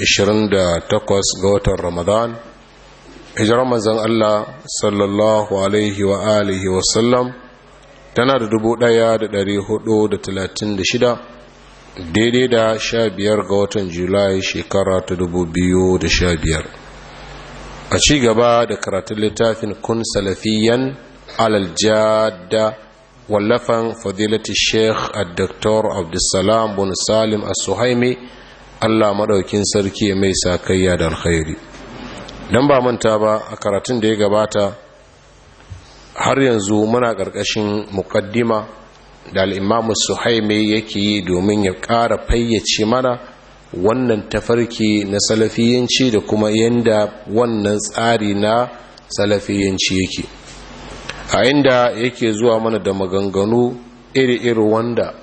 28 ga watan ramadan hijirar manzan Allah sallallahu alaihi wa alihi wasallam tana da da talatin shida, daidai da 15 ga watan julai shekara ta biyu da sha biyar. a ci gaba da karatun littafin kun salafiyan da wallafan fadilati sheikh al-doktor abdulsalam bin salim as-suhaimi Allah maɗaukin sarki mai sakayya da alkhairi don ba manta ba a karatun da ya gabata har yanzu muna ƙarƙashin muƙaddima da al'imamu suhaime yake yi domin ya ƙara fayyace mana wannan tafarki na salafiyanci da kuma yanda wannan tsari na salafiyanci yake a inda yake zuwa mana da maganganu iri-iri wanda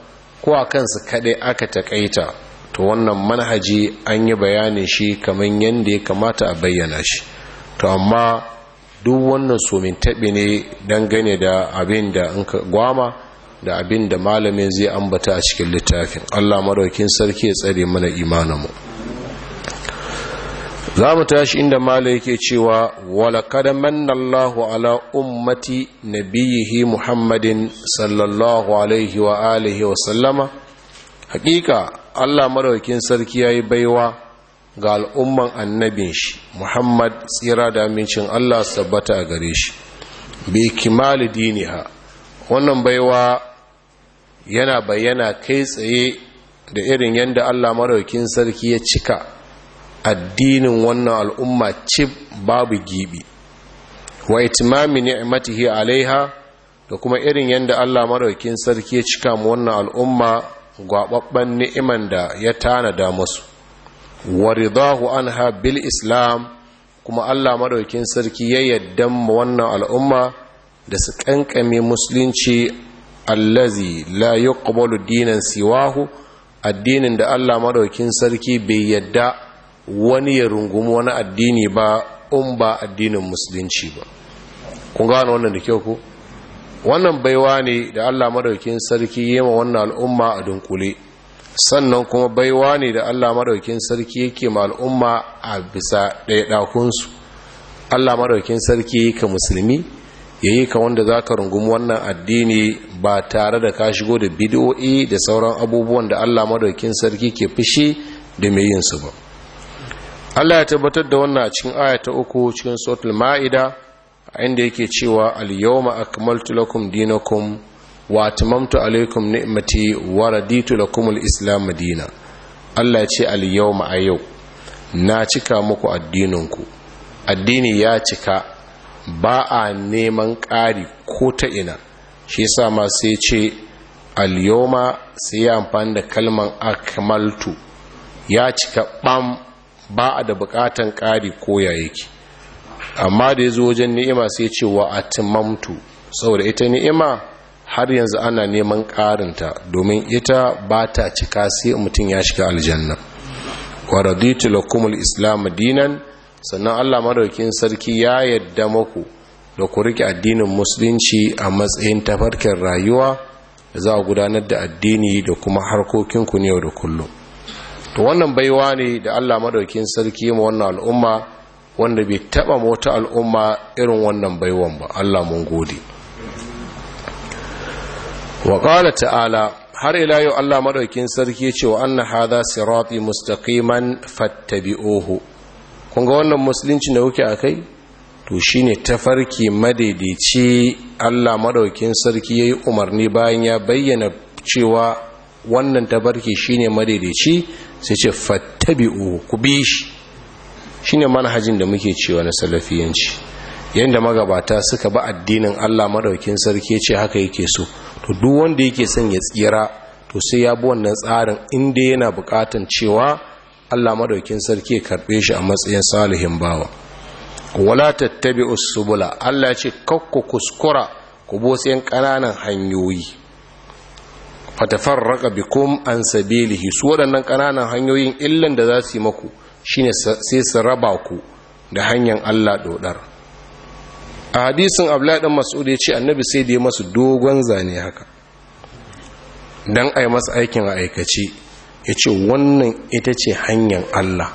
ko a kansu kaɗai aka taƙaita to wannan manhaji an yi bayanin shi kamar yadda ya kamata a bayyana shi to amma duk wannan somin taɓe ne dangane da abin da an gwama da abin da malamin zai ambata a cikin littafin allah maraukin sarki ya tsare mana imaninmu za mu tashi inda mala yake cewa walakada mannallahu ala ummati nabiyihi muhammadin sallallahu alaihi wa alihi wa sallama hakika Allah maraukin sarki ya yi baiwa ga al'umman annabin shi Muhammad tsira da amincin Allah sabbata a gare shi bi kimali diniha wannan baiwa yana bayyana kai tsaye da irin yadda Allah maraukin sarki ya cika addinin wannan al'umma cib babu gibi wa itimami ni'matihi alaiha da kuma irin yadda Allah maraukin sarki ya cika mu wannan al'umma gwababban ni'iman da ya tanada musu wa ridahu anha bil islam kuma Allah madaukin sarki ya yadda ma wannan al'umma da su kankame musulunci allazi la yuqbalu dinan siwahu addinin da Allah madaukin sarki bai yadda wani ya rungumi wani addini ba in ba addinin musulunci ba kun gano wannan da kyau ko wannan baiwa ne da Allah madaukin sarki yema wannan al'umma a dunkule sannan kuma baiwa ne da Allah madaukin sarki yake ma al'umma a bisa ɗaya ɗakunsu. Allah madaukin sarki yi ka musulmi ya yi ka wanda za ka rungumi wannan addini ba tare da ka shigo da bidiyo'i da sauran abubuwan da Allah madaukin sarki ke fushi da mai yinsu ba Allah ya tabbatar da wannan cikin aya ta uku cikin suratul ma'ida inda yake cewa al-yawma akmaltu lakum dinakum wa atmamtu alaykum ni'mati wa raditu lakum al-islam dina Allah ya ce al-yawma a yau na cika muku addininku addini ya cika ba a neman ƙari ko ta ina shi yasa ma sai ce al-yawma sai ya amfani da kalman akmaltu ya cika bam ba a da bukatan ƙari ko ya yake amma da ya zo wajen ni'ima sai ce wa atimamtu saboda ita ni'ima har yanzu ana neman ƙarinta domin ita ba ta cika sai mutum ya shiga aljanna wa raditu lakum islam dinan sannan Allah madaukin sarki ya yadda muku da ku rike addinin musulunci a matsayin tafarkin rayuwa da za a gudanar da addini da kuma harkokinku ne yau da kullum to wannan baiwa ne da Allah madaukin sarki ma wannan al'umma wanda bai taba mota al'umma irin wannan baiwan ba Allah mun gode wa qala ta'ala har ila yau Allah madaukin sarki ya ce wa anna hadha sirati mustaqiman fattabi'uhu kun ga wannan musulunci da kuke akai to shine tafarki madaidaici Allah madaukin sarki yayi umarni bayan ya bayyana cewa wannan tafarki shine madaidaici sai ce fattabi'u ku bi shi shine manhajin da muke cewa na salafiyanci yanda magabata suka ba addinin Allah madaukin sarki ce haka yake so to duk wanda yake son ya tsira to sai ya bi wannan tsarin inda yana bukatan cewa Allah madaukin sarki ya karbe shi a matsayin salihin bawa wala tattabi subula Allah ce kakku kuskura ku bo sayan kananan hanyoyi fatafarraka bikum an sabilihi su waɗannan ƙananan hanyoyin illan da za su yi maku shine sai su raba ku da hanyar Allah dodar a hadisin Abdullahi dan Mas'ud ya ce annabi sai da ya masu dogon zane haka dan ai masa aikin a aikace ya ce wannan ita ce hanyar Allah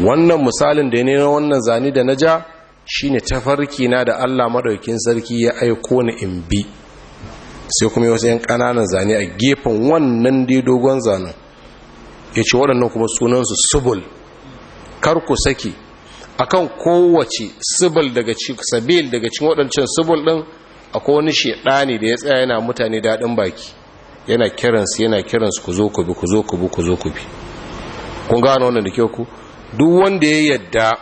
wannan misalin da ne na wannan zane da na ja shine tafarki na da Allah madaukin sarki ya aiko ni in bi sai kuma wasu yan ƙananan zane a gefen wannan dai dogon zanen ya ce waɗannan kuma sunansu subul kar ku saki akan kowace subul daga cikin sabil daga cikin waɗancan subul ɗin akwai wani ne da ya tsaya yana mutane daɗin baki yana kiransu yana kiransu ku zo ku bi ku zo ku bi ku zo ku bi kun gano wannan da kyau ku duk wanda ya yadda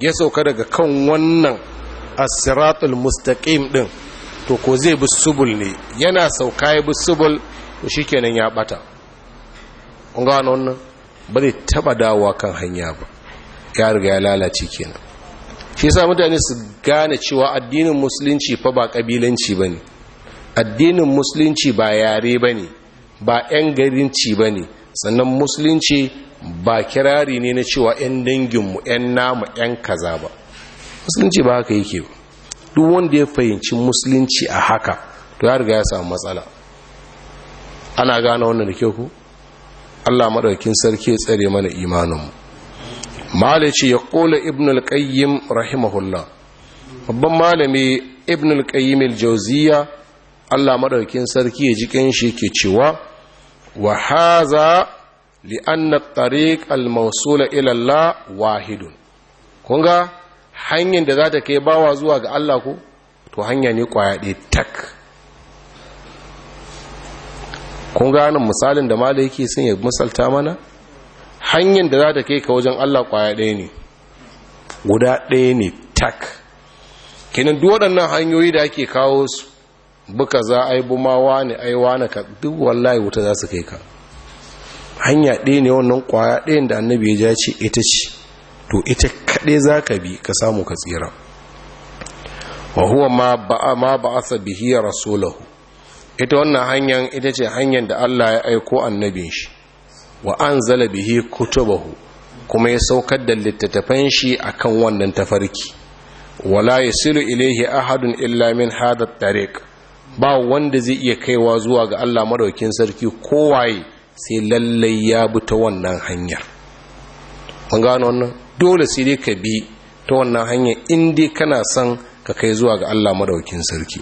ya sauka daga kan wannan asiratul mustaqim ɗin to ko zai bi subul ne yana sauka ya bi subul to shikenan ya bata kun ga wannan ba zai taba dawowa kan hanya ba ya riga ya lalace kenan shi yasa mutane su gane cewa addinin musulunci fa ba kabilanci bane addinin musulunci ba yare bane ba yan garinci bane sannan musulunci ba kirari ne na cewa yan mu yan namu yan kaza ba musulunci ba haka yake duk wanda ya fahimci musulunci a haka to ya riga ya samu matsala ana gane wannan da kyau ku Allah maɗaukin sarki tsare mana imanin malaci ya ƙola ibn al-qayyim rahimahullah babban malami ibn al-qayyim al-jawziya Allah maɗaukin sarki ya jikin shi ke cewa wa haza li anna at-tariq al-mawsula ila Allah wahidun kun ga hanyar da za ta kai bawa zuwa ga Allah ko to hanya ne kwaya ɗaya tak kun gane misalin da mala yake sun ya misalta mana hanyar da za ta kai ka wajen allah kwaya ɗaya ne guda ɗaya ne tak kenan duk waɗannan hanyoyi da ake kawo su buka za a yi bumawa ne a yi wane ka duk wallahi wuta za su kai ka hanya ɗaya ne wannan kwaya ɗayan da annabi ya jace ce ita ce to ita kaɗai za ka bi ka samu ka tsira wa ma ba'a ma ba'asa bihi rasulahu ita wannan hanyar ita ce hanyar da Allah ya aiko annabin shi wa an zala bihi kutubahu kuma ya saukar da littattafan shi akan wannan tafarki wala yasilu ilaihi ahadun illa min hada tariq ba wanda zai iya kaiwa zuwa ga Allah madaukin sarki kowaye sai lallai ya bi ta wannan hanyar mun gano wannan dole sai dai ka bi ta wannan hanyar in dai kana son ka kai zuwa ga Allah madaukin sarki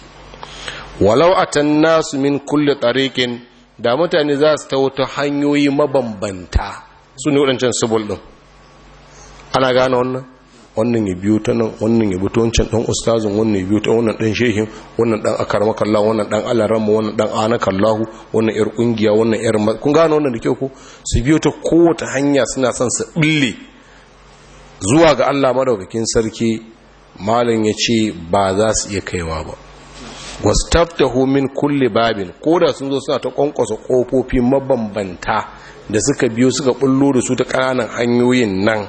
walau can nasu min kulle tsarikin da mutane za su ta wata hanyoyi mabambanta su ne waɗancan subul ɗin ana gane wannan wannan ya biyu ta nan wannan ya biyu wancan ɗan ustazin wannan ya biyu ta wannan ɗan shehin wannan ɗan makalla wannan ɗan alaramma wannan ɗan ana kallahu, wannan ƴar ƙungiya wannan ƴar kun gane wannan da kyau ko su biyo ta kowace hanya suna son su ɓille zuwa ga allah madaukakin sarki malin ya ce ba za su iya kaiwa ba da homin kulli babin da sun zo suna ta kwankwasa ƙofofi mabambanta da suka biyo suka ɓullo da su ta ƙananan hanyoyin nan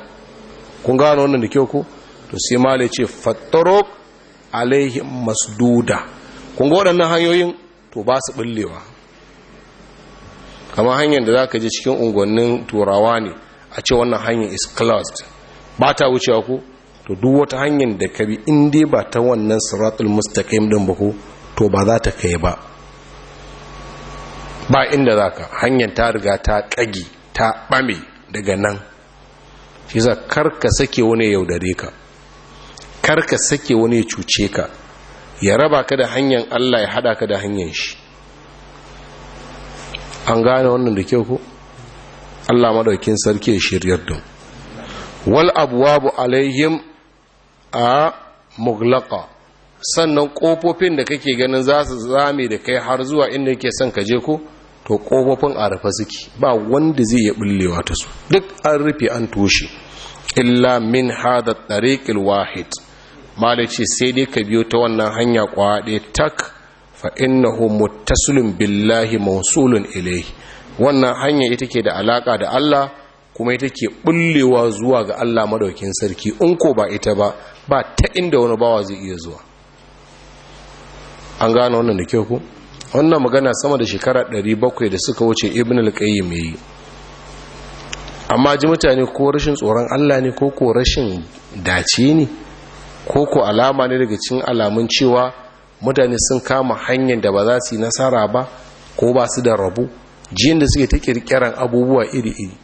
kun gano wannan da kyau ko to sai mala ce fattarok alaihim masduda kun ga waɗannan hanyoyin to ba su bullewa kamar hanyar da za ka je cikin unguwannin turawa ne a ce wannan hanyar is closed ba ta wucewa ko to duk wata hanyar da ka bi in dai ba ta wannan siratul mustaqim din ba ko to ba za ta kai ba ba inda za ka hanyar ta riga ta ƙagi ta ɓame daga nan shi za karka sake wani yaudare ka kar ka sake wani cuce ka ya raba ka da hanyar allah ya hada ka da hanyar shi an gane wannan da kyau ko allah madaukin sarki ya shiryar don wal abuwa alaihim a muglaka sannan ƙofofin da kake ganin za su zame da kai har zuwa inda yake son ka je ko to ƙofofin a rufe suke ba wanda zai iya bullewa ta su duk an rufe an toshe illa min hada tariqil wahid malaci sai dai ka biyo ta wannan hanya kwaɗe tak fa innahu muttasilun billahi mawsulun ilayhi wannan hanya ita ke da alaka da Allah kuma ita ke bullewa zuwa ga Allah madaukin sarki in ko ba ita ba ba ta inda wani bawa zai iya zuwa an gano wannan da kyau ku wannan magana sama da shekara 700 da suka wuce ibn al-qayyim yi. amma ji mutane ko rashin tsoron Allah ne ko ko rashin dace ne ko ko alama ne daga cikin alamun cewa mutane sun kama hanyar da ba za su yi nasara ba ko ba su da rabu jin da suke ta kirkiran abubuwa iri-iri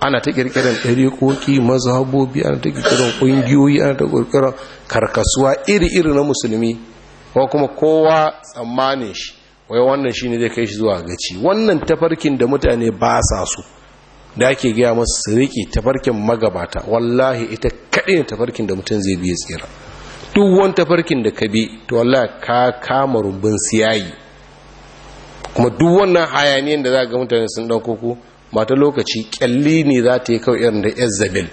ana ta kirkiran ɗariƙoƙi mazhabobi ana ta kirkiran ƙungiyoyi ana ta kirkiran karkasuwa iri-iri na musulmi ko kuma kowa tsammanin shi wai wannan shi ne zai kai shi zuwa gaci wannan tafarkin da mutane ba sa su da ake gaya masu su riƙe tafarkin magabata wallahi ita kaɗai ne tafarkin da mutum zai biya tsira duk wani tafarkin da ka bi to wallahi ka kama rumbun siyayi kuma duk wannan hayaniyan da za ga mutane sun ɗauko ku mata lokaci ƙyalli ne za ta yi kawai irin da yan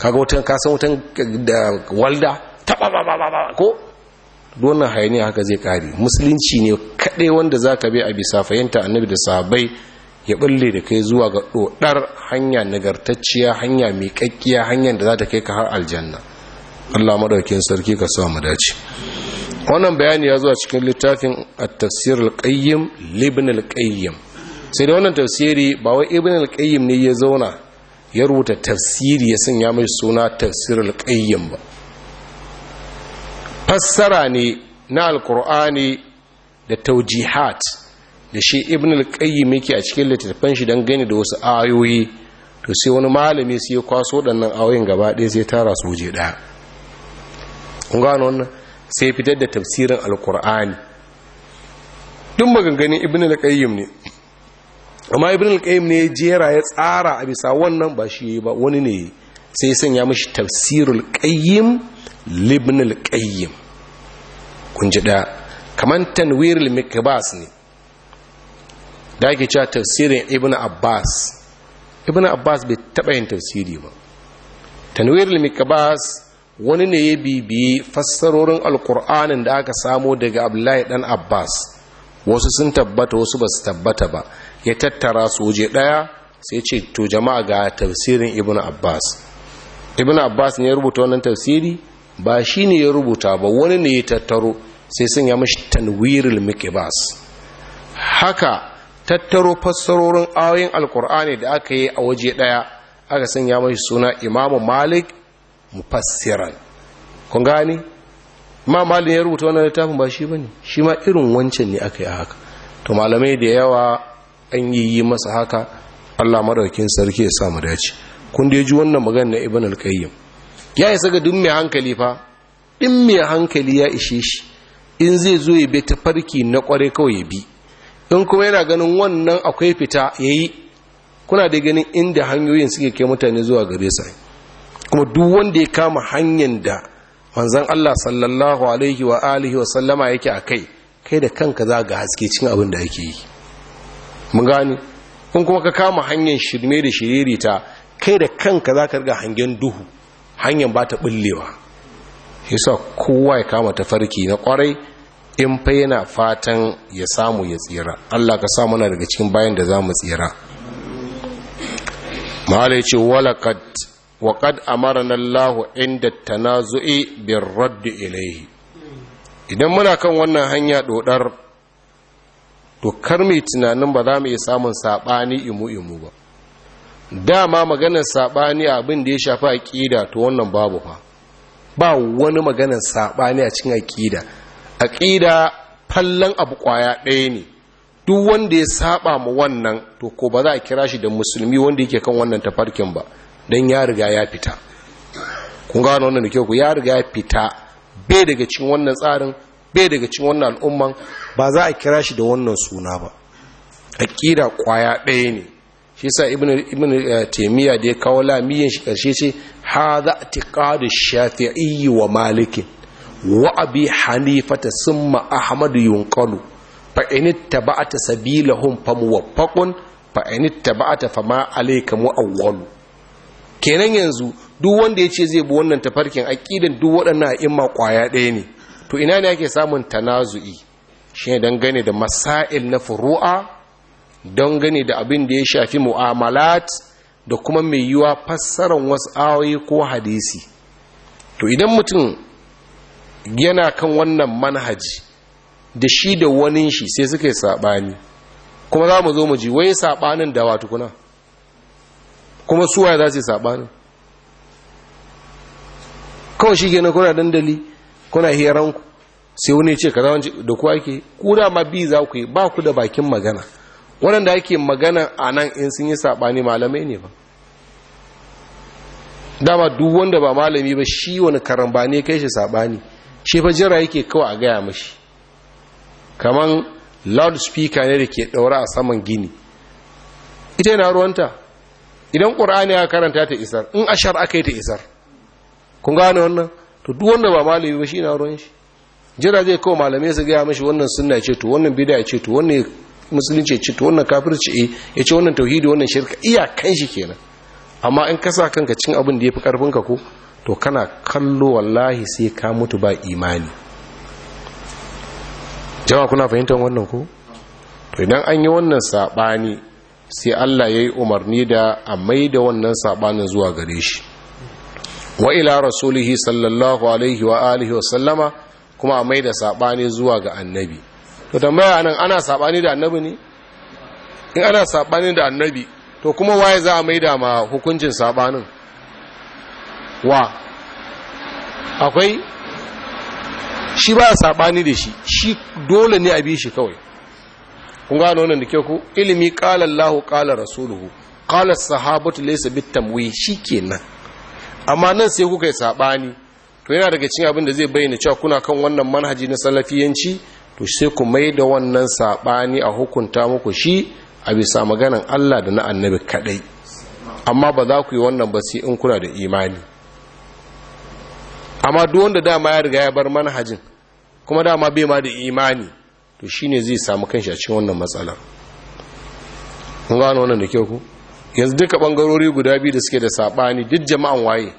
Ka ga wutan kasan wutan eh, da walda ta ba ba ba ko wannan hayaniya haka zai kare musulunci ne kaɗai wanda za ka bi a bisa fahimta annabi da sahabbai ya bulle da kai zuwa ga ɗoɗar hanya nagartacciya hanya mai kakkiya hanyar da za ta kai ka har aljanna allah maɗaukin sarki ka sa mu dace wannan bayani ya zuwa cikin littafin at-tafsir al-qayyim libn sai da wannan tafsiri ba wai ibn al ne ya zauna ya rubuta tafsiri ya sanya mai suna tafsir al ba fassara ne na alkur'ani da taujihat da shi ibn alƙayyi qayyim a cikin littattafan shi don gani da wasu ayoyi to sai wani malami su ya kwaso waɗannan ayoyin gaba ɗaya sai tara su waje ɗaya kun gano wannan sai fitar da tafsirin alkur'ani duk maganganin ibn alƙayyi ne amma ibn alƙayyi ne jera ya tsara a bisa wannan ba shi ba wani ne sai sanya mashi tafsirul ƙayyim. libn al-qayyim kun ji da kaman tanwir al-mikbas ne da ake cewa tafsirin ibn abbas ibn abbas bai taɓa yin tafsiri ba tanwir al-mikbas wani ne ya bibiye fassarorin alkur'anin da aka samo daga abdullahi dan abbas wasu sun tabbata wasu ba su tabbata ba ya tattara su waje ɗaya sai ce to jama'a ga tafsirin ibn abbas ibn abbas ne ya rubuta wannan tafsiri ba shi ne ya rubuta ba wani ne ya tattaro sai sun ya mashi tanwirul mikibas haka tattaro fassarorin ayoyin alkur'ani da aka yi a waje daya aka sanya mashi suna imamu malik mufassiran kun gani ma malin ya rubuta wannan littafin ba shi bane shi ma irin wancan ne aka yi haka to malamai da yawa an yi yi masa haka Allah madaukin sarki ya samu dace kun da ji wannan magana na ibn al ya isa ga duk mai hankali fa din mai hankali ya ishe shi in zai zo ya bi farki na kware kawai ya bi in kuma yana ganin wannan akwai fita ya yi kuna da ganin inda hanyoyin suke kai mutane zuwa gare sa kuma duk wanda ya kama hanyar da manzan Allah sallallahu alaihi wa alihi wa sallama yake a kai kai da kanka za ga haske cin abin da ake yi mun gani kun kuma ka kama hanyar shirme da shiriri ta kai da kanka za ka riga hangen duhu hanyar ba ta bullewa yasa kowa ya kama ta farki na kwarai in fa yana fatan ya samu ya tsira Allah ka sa muna daga cikin bayan da za mu tsira mahala ya ce a mara amarana Lahu inda tanazu'i bin raddi ilaihi idan muna kan wannan hanya dodar to kar mai tunanin ba za mu iya samun saɓani imu-imu ba dama maganar saɓani abin da ya shafi aƙida to wannan babu fa ba wani maganar saɓani a cikin aƙida aƙida fallon abu ƙwaya ɗaya ne duk wanda ya saba ma wannan to ko ba za a kira shi da musulmi wanda yake kan wannan tafarkin ba don ya riga ya fita kun gano wannan da kyau ku ya riga ya fita bai daga cikin wannan tsarin bai daga cikin wannan al'umman ba za a kira shi da wannan suna ba aƙida ƙwaya ɗaya ne shi sa ibn eh, taimiyya da ya kawo lamiyyar shi ƙarshe ce ha za a tiƙadu shafi'i wa malikin wa abi hanifata sun ahmadu yunkalu fa'init taba'ata sabilahum fa muwaffaqun fa'init taba'ata fama alaikamu a mu'awwalu kenan yanzu duk wanda ya ce zai bi wannan tafarkin ƙidan duk waɗannan a'imma kwaya ɗaya ne to ina ne ake samun tanazu'i shine dangane da masail na furu'a don gani da abin da ya shafi mu'amalat da kuma mai yiwa fassaran wasu ayoyi ko hadisi to idan mutum yana kan wannan manhaji da shi da wani shi sai suka yi saɓani kuma za mu zo mu ji wai saɓanin da wata kuna kuma suwaye za su yi saɓanin kawai shi gina kuna dandali kuna hiyaranku sai wani ce ka za da kuwa ke ku ma bi za ku yi ba ku da bakin magana waɗanda ake magana a nan in sun yi saɓani malamai ne ba dama duk wanda ba malami ba shi wani ne kai shi saɓani shi fa jira yake kawai a gaya mashi kaman loudspeaker ne da ke ɗaura a saman gini ita yana ruwanta idan ƙur'ani ya karanta ta isar in ashar aka yi ta isar kun gane wannan to duk wanda ba malami ba shi na ruwan shi jira zai kawo malamai su gaya mashi wannan sunna ce to wannan bida ce to wannan musulunci ya ce to wannan kafirci eh ya ce wannan tauhidi wannan shirka iyakan shi kenan amma in kasa kanka cin abin da ya fi ka ko to kana kallo wallahi sai ka mutu ba imani jama'a kuna fahimtar wannan ko to idan an yi wannan sabani sai Allah ya yi umarni da a mai da wannan sabanin zuwa gare shi wa ila rasulihi sallallahu alaihi wa alihi wa sallama kuma a mai da sabani zuwa ga annabi to tambaya nan ana sabani da annabi ne in ana sabani da annabi to kuma waye za a maida ma hukuncin sabanin wa akwai shi ba a sabani da shi shi dole ne a bi shi kawai kun gano wannan da ke ku ilimi qala Allahu qala rasuluhu qala sahabatu laysa bitamwi shikenan amma nan sai kuka yi sabani to yana daga cikin abin da zai bayyana cewa kuna kan wannan manhaji na salafiyanci to sai ku mai da wannan saɓani a hukunta muku shi a bisa maganan Allah da na annabi kaɗai amma ba za ku yi wannan ba sai in kuna da imani amma duk wanda dama ya riga ya bar manhajin kuma dama bai ma da imani to shine zai samu kanshi a cikin wannan matsalar kun gano wannan da kyau ku yanzu duka bangarori guda biyu da suke da sabani duk jama'an waye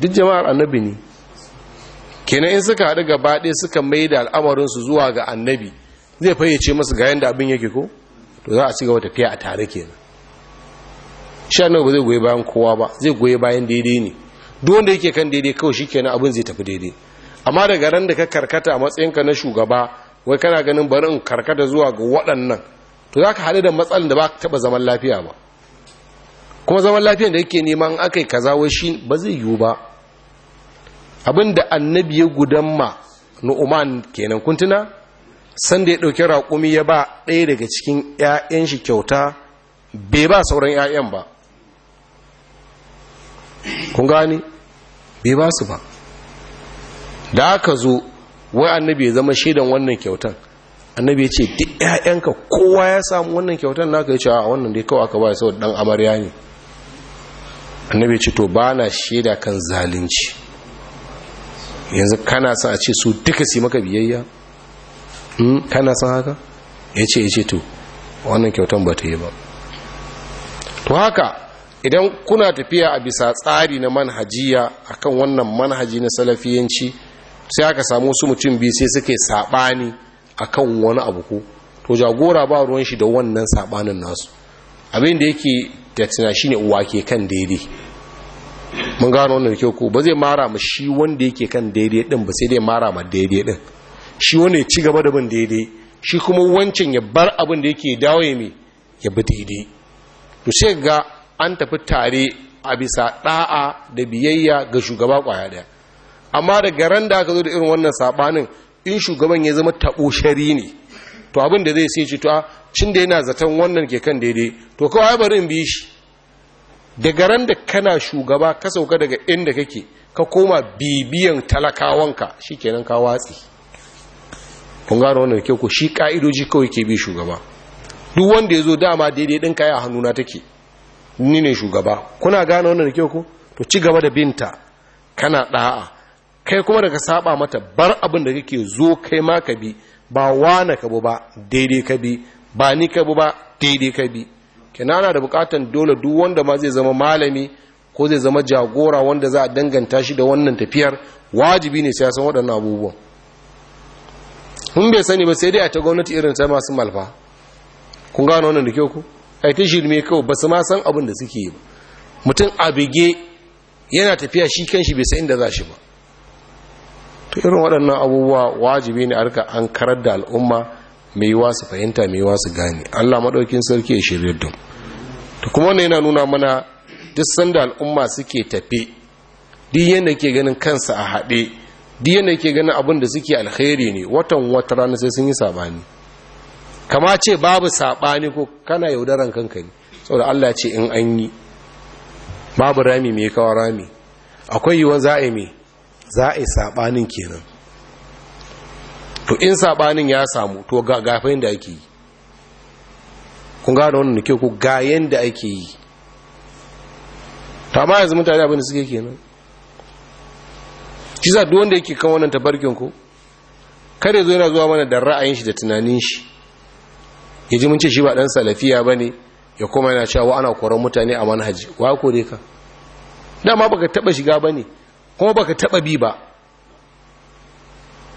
duk jama'ar annabi ne kenan in suka haɗu gaba ɗaya suka mai da al'amarinsu zuwa ga annabi zai fayyace masu ga yadda abin yake ko to za a ci tafiya a tare kenan shi annabi zai goyi bayan kowa ba zai goyi bayan daidai ne duk wanda yake kan daidai kawai shi kenan abin zai tafi daidai amma daga ran da ka karkata a matsayinka na shugaba wai kana ganin bari in karkata zuwa ga waɗannan to za ka haɗu da matsalin da ba ka taɓa zaman lafiya ba kuma zaman lafiyan da yake neman aka yi kaza wai shi ba zai yiwu ba abinda annabi ya gudanma nu'uman kenan kuntuna sanda ya ɗauki raƙumi ya ba ɗaya daga cikin 'ya'yan shi kyauta bai ba sauran 'ya'yan ba kun gani bai ba su ba da aka zo wai annabi ya zama shaidan wannan kyautan annabi ya ce duk 'ya'yanka kowa ya samu wannan kyautan naka yi yi a wannan ya kawai aka ba ya sau amarya ne annabi ya ce to ba na shaida kan zalunci yanzu kana son a ce su duka su maka biyayya hmm, kana son haka ya ce ya ce to wannan kyautan ba ta yi ba to haka idan kuna tafiya a bisa tsari na manhajiya akan wannan manhaji na salafiyanci sai aka samu su mutum biyu sai suke saɓani akan wani abu ko to jagora ba ruwan shi da wannan saɓanin nasu abin da yake da shi ne uwa ke kan daidai mun gano wannan kyau ko ba zai mara ma shi wanda yake kan daidai din ba sai dai mara ma daidai din shi wanda ya ci gaba da bin daidai shi kuma wancan ya bar abin da yake dawo ya ya bi daidai to sai ga an tafi tare a bisa da'a da biyayya ga shugaba kwaya daya amma da ran da aka zo da irin wannan sabanin in shugaban ya zama tabo shari ne to abin da zai sai ci to a ah, cin da yana zaton wannan ke kan daidai to kawai bari in bi shi daga ran da kana shugaba ka sauka daga inda kake ka koma bibiyan talakawanka shikenan ka watsi kun gano wannan da ku shi ka'idoji kawai ke bi shugaba duk wanda ya zo dama daidai ɗin kaya hannu na take ni ne shugaba kuna gane wannan da ku to ci gaba da binta kana ɗa'a kai kuma daga saba mata bar abin da kake zo kai ma ka bi ba wane ka bu ba daidai ka bi ba ni ka bu ba daidai ka bi kinana da bukatan dole duk wanda ma zai zama malami ko zai zama jagora wanda za a danganta shi da wannan tafiyar wajibi ne sai san waɗannan abubuwan in bai sani ba sai dai a ta gwamnati irin ta masu malfa kun gano wannan da kyau ku ai ta shirme kawai ba su ma san abin da suke yi ba mutum a bige yana tafiya shi kan shi bai san inda za shi ba to irin waɗannan abubuwa wajibi ne a rika an karar da al'umma mai yiwa su fahimta mai yiwa su gane allah maɗaukin sarki ya shirya dum ta kuma wannan yana nuna mana duk sanda al'umma suke tafe duk yadda ke ganin kansa a haɗe duk yadda ke ganin abin da suke alkhairi ne watan wata rana sai sun yi saɓani kama ce babu saɓani ko kana yaudaran kankani. ne saboda allah ce in an yi babu rami mai kawo rami akwai yiwuwa za a yi mai za a yi saɓanin kenan to in sabanin ya samu to ga gafayin da ake yi kun gano wannan nake ku ga yanda ake yi ta ma yanzu mutane abin da suke kenan shi za duk wanda yake kan wannan tabarkin ku kare zo yana zuwa mana da ra'ayin shi da tunanin shi ya ji mun ce shi ba dan salafiya bane ya koma yana cewa ana koran mutane a manhaji wa ko dai ka dama baka taba shiga bane kuma baka taba bi ba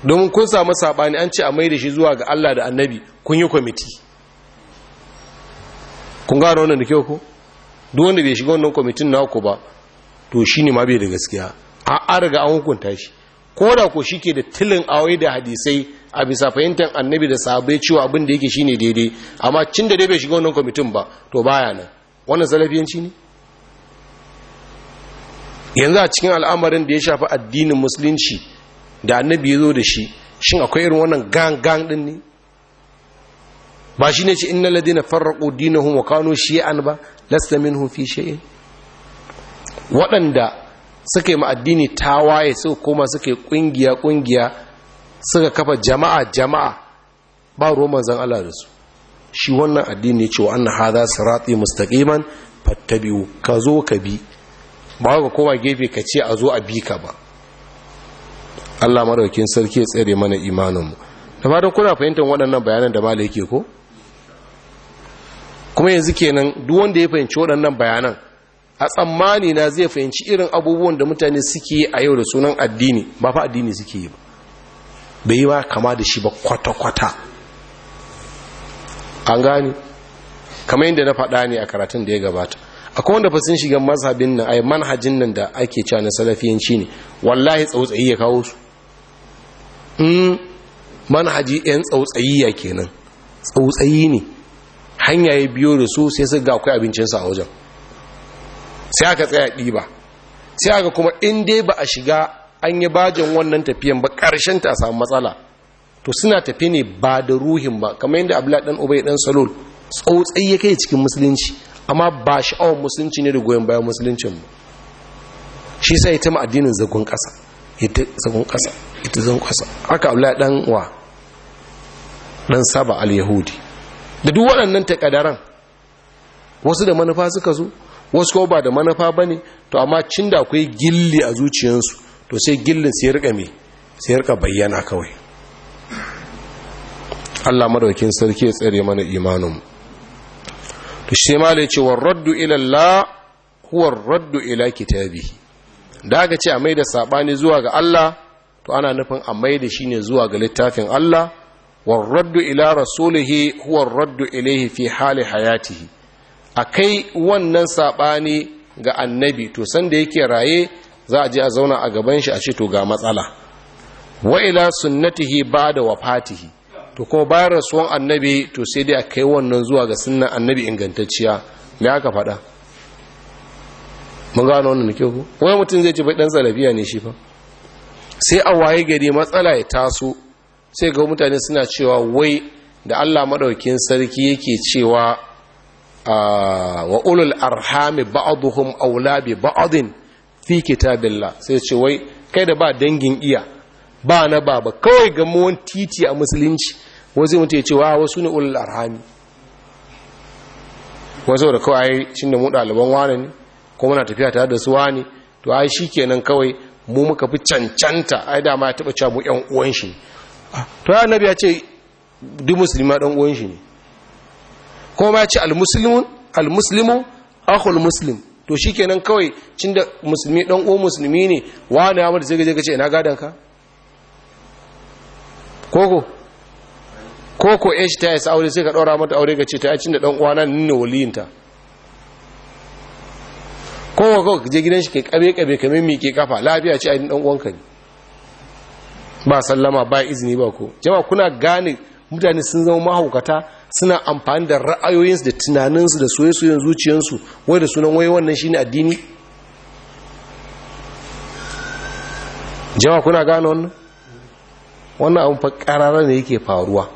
domin kun samu saɓani an ce a mai da shi zuwa ga Allah da annabi kun yi kwamiti kun gano wannan da kyau duk wanda bai shiga wannan kwamitin na ku ba to shi ne ma bai da gaskiya a riga an hukunta shi ko da ko shi ke da tilin awai da hadisai a bisa fahimtar annabi da sahabbai cewa abin da yake shine daidai amma cin da dai bai shiga wannan kwamitin ba to baya nan wannan salafiyanci ne yanzu a cikin al'amarin da ya shafi addinin musulunci da annabi ya zo da shi shin akwai irin wannan gangan din ne ba shi ne ce inna ladina farraqu dinahum wa kanu shi'an ba lasta minhum fi shay'in waɗanda suke yi ma'addini tawaye suka koma suke yi ƙungiya ƙungiya suka kafa jama'a jama'a ba ruwan manzan Allah da su shi wannan addini ne cewa anna hadha sirati mustaqiman fattabi'u ka zo ka bi ba ka koma gefe ka ce a zo a bi ka ba Allah maraukin sarki ya tsere mana imaninmu da don kuna fahimtar waɗannan bayanan da malai yake ko kuma yanzu kenan duk wanda ya fahimci waɗannan bayanan a tsammani na zai fahimci irin abubuwan da mutane suke a yau da sunan addini ba fa addini suke yi ba bai yi ba kama da shi ba kwata-kwata an gani kamar yadda na faɗa ne a karatun da ya gabata akwai wanda fa sun shiga mazhabin nan ai manhajin nan da ake cewa na salafiyanci ne wallahi tsautsayi ya kawo su manhaji 'yan tsautsayiya kenan tsautsayi ne hanya ya biyo da su sai su ga akwai abincinsa a wajen sai aka tsaya ɗiba sai aka kuma in dai ba a shiga an yi bajin wannan tafiyan ba ƙarshen ta samu matsala to suna tafi ne ba da ruhin ba kamar yadda abu dan ubai dan salo tsautsayi ya kai cikin musulunci amma ba sha'awar musulunci ne da goyon bayan musuluncin ba shi sai ya tama addinin zagon ƙasa ya zagon ƙasa ita zan kwasa haka abu dan wa dan saba al-yahudi da duk waɗannan ƙadaran wasu da manufa suka zo wasu ko ba da manufa bane to amma cin da akwai gilli a zuciyarsu to sai gillin sai rika mai sai rika bayyana kawai Allah madaukin sarki ya tsare mana imanin to shi ma da cewa raddu ilalla Allah huwa raddu ila da aka ce a mai da saɓani zuwa ga Allah to ana nufin a mai da shi ne zuwa ga littafin Allah warraddu ila rasulihi huwa raddu ilaihi fi hali hayatihi akai wannan sabani ga annabi to sanda yake raye za a je a zauna a gaban shi a ce to ga matsala wa ila sunnatihi ba'da wafatihi to kuma bayan rasuwan annabi to sai dai a kai wannan zuwa ga sunnan annabi ingantacciya me aka faɗa mun gano wannan ke ko wani mutum zai ce bai dan salafiya ne shi fa sai a waye gari matsala ya taso sai ga mutane suna cewa wai da Allah maɗaukin sarki yake cewa ah, wa ulul arhami ba'dhum aula bi ba'adin fi kitabillah sai ce wai kai da ba dangin iya ba na baba kawai ga muwan titi a musulunci wazi mutu ya ce wa wasu ne ulul arhami wazo da kawai shi ne mu ɗaliban wani ne kuma na tafiya tare da su wane to ai shi kenan kawai mu muka fi cancanta ai da ma ya taba cewa mu yan uwan shi to ya nabi ya ce duk musulmi ma dan uwan shi ne Ko ma ya ce almuslimun almuslimu akhul muslim to shikenan kawai cinda musulmi dan uwan musulmi ne wani ya mutu sai gaje kace ina gadan ka koko koko eh ta yi aure sai ka dora mata aure ka ce ta yi cinda dan uwana ne waliyinta kowa kowa ka je gidan shi ke kabe kabe kamar miƙe kafa lafiya ce a dan ka ne ba sallama ba izini ba ko jama kuna gane mutane sun zama mahaukata suna amfani da ra'ayoyinsu da tunaninsu da soye-soyen zuciyarsu wai da sunan wai wannan shi ne addini jama kuna gane wannan wannan abin fa ne yake faruwa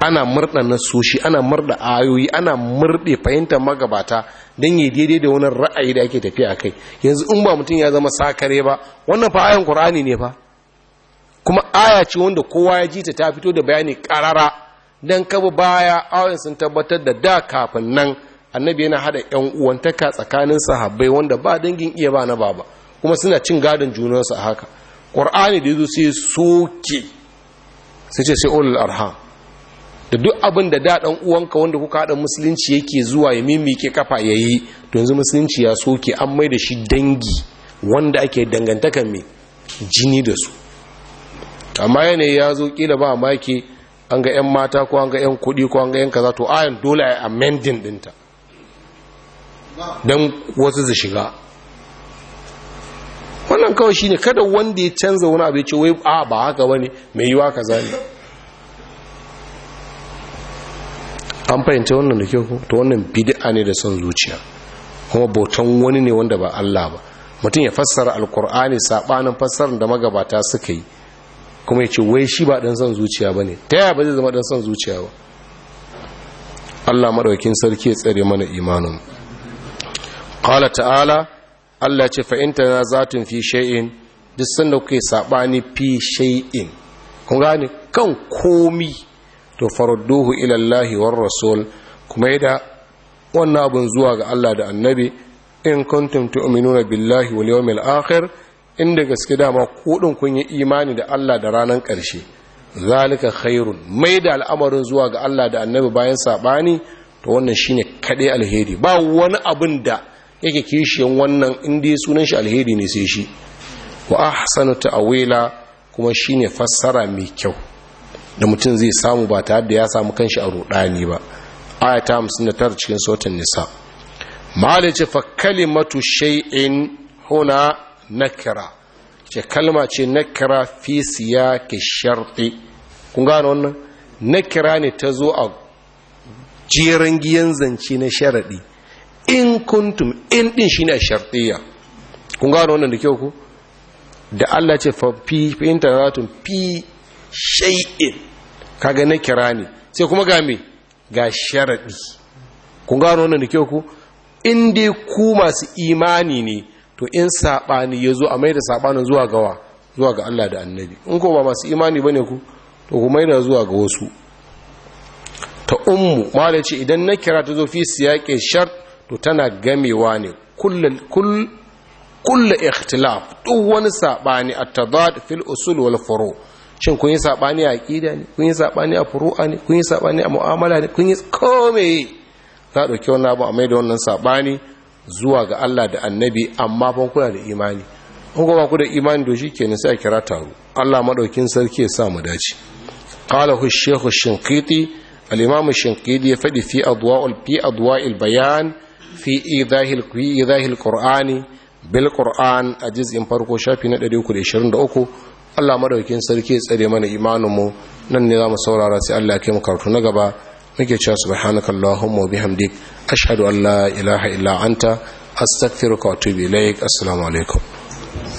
ana murda soshi, ana murda ayoyi ana murde fahimtar magabata don yi daidai da wani ra'ayi da ake tafiya a kai yanzu in ba mutum ya zama sakare ba wannan fa ayan qur'ani ne fa kuma aya ce wanda kowa ya ji ta ta fito da bayani karara dan kaba baya ayoyin sun tabbatar da da kafin nan annabi yana hada yan uwantaka tsakanin sahabbai wanda ba dangin iya ba na baba kuma suna cin gadon junansu a haka qur'ani da yazo sai soke sai ce sai ulul arham da duk abin da daɗin uwanka wanda kuka haɗa musulunci yake zuwa ya mimike kafa ya yi to yanzu musulunci ya soke an mai da shi dangi wanda ake dangantaka mai jini da su amma yanayi ya zo ƙila ba ma yake an ga 'yan mata ko an ga 'yan kuɗi ko an ga 'yan kaza to ayan dole a amendin ɗinta don wasu su shiga wannan kawai shi ne kada wanda ya canza wani abu ya ce wai a ba haka wani mai yiwa kaza ne an fahimci wannan da kyau to wannan bid'a ne da son zuciya kuma bautan wani ne wanda ba Allah ba mutum ya fassara alkur'ani sabanin fassarar da magabata suka yi kuma ya ce wai shi ba dan son zuciya bane ta yaya ba zai zama dan son zuciya ba Allah madaukakin sarki ya tsare mana imanin qala ta'ala Allah ce fa na tanazatun fi shay'in duk sanda kuke sabani fi shay'in kun gane kan komi to farudduhu ila Allah war rasul kuma da wannan abun zuwa ga Allah da annabi in kuntum tu'minuna billahi wal yawmil akhir inda gaske dama kudin kun yi imani da Allah da ranan karshe zalika khairun mai da al'amarin zuwa ga Allah da annabi bayan sabani to wannan shine kade alheri ba wani abin da yake kishiyan wannan inda sunan shi alheri ne sai shi wa ahsanu ta'wila kuma shine fassara mai kyau da mutum zai samu ba tare da ya samu kanshi a rudani ba ayata 59 cikin sautin nisa malice fa kalimatu shay'in huna nakira ce kalma ce nakira fi siyaki sharti kun gano wannan nakira ne ta zo a jerin giyan zance na sharadi in kuntum in din shine shartiya kun gano wannan da kyau ku da Allah ce fa fi fi shay'in Ka ga na kira ne sai kuma ga me ga sharaɗi kun gano wannan da ku in dai ku masu imani ne to in saɓani ya zo a mai da na zuwa gawa zuwa ga Allah da annabi in ko ba masu imani ba ne ku to ku mai da zuwa ga wasu ta ummu mala ce idan na kira ta zo fi siyaƙe shart to tana gamewa ne kulla ikhtilaf duk wani saɓani a fil usul wal furu' shin kun yi sabani a aqida ne kun yi sabani a furu'a ne kun yi sabani a mu'amala ne kun yi kome za dauki wannan abu a mai da wannan sabani zuwa ga Allah da annabi amma fa kuna da imani in ba ku da imani to shikenan sai a kira taro Allah madaukin sarki ya sa mu dace qala hu shaykh shinqiti al-imam ya faɗi fi adwa'ul fi adwa'il bayan fi idahil fi idahil qur'ani bil qur'an a juz'in farko shafi na 323 Allah madaukin sarki tsare mana imanin mu nan ne zamu saurara sai Allah ya kai mu karatu na gaba muke cewa subhanakallahumma allahumma bihamdik ashhadu an la ilaha illa anta astaghfiruka wa atubu ilaik assalamu alaikum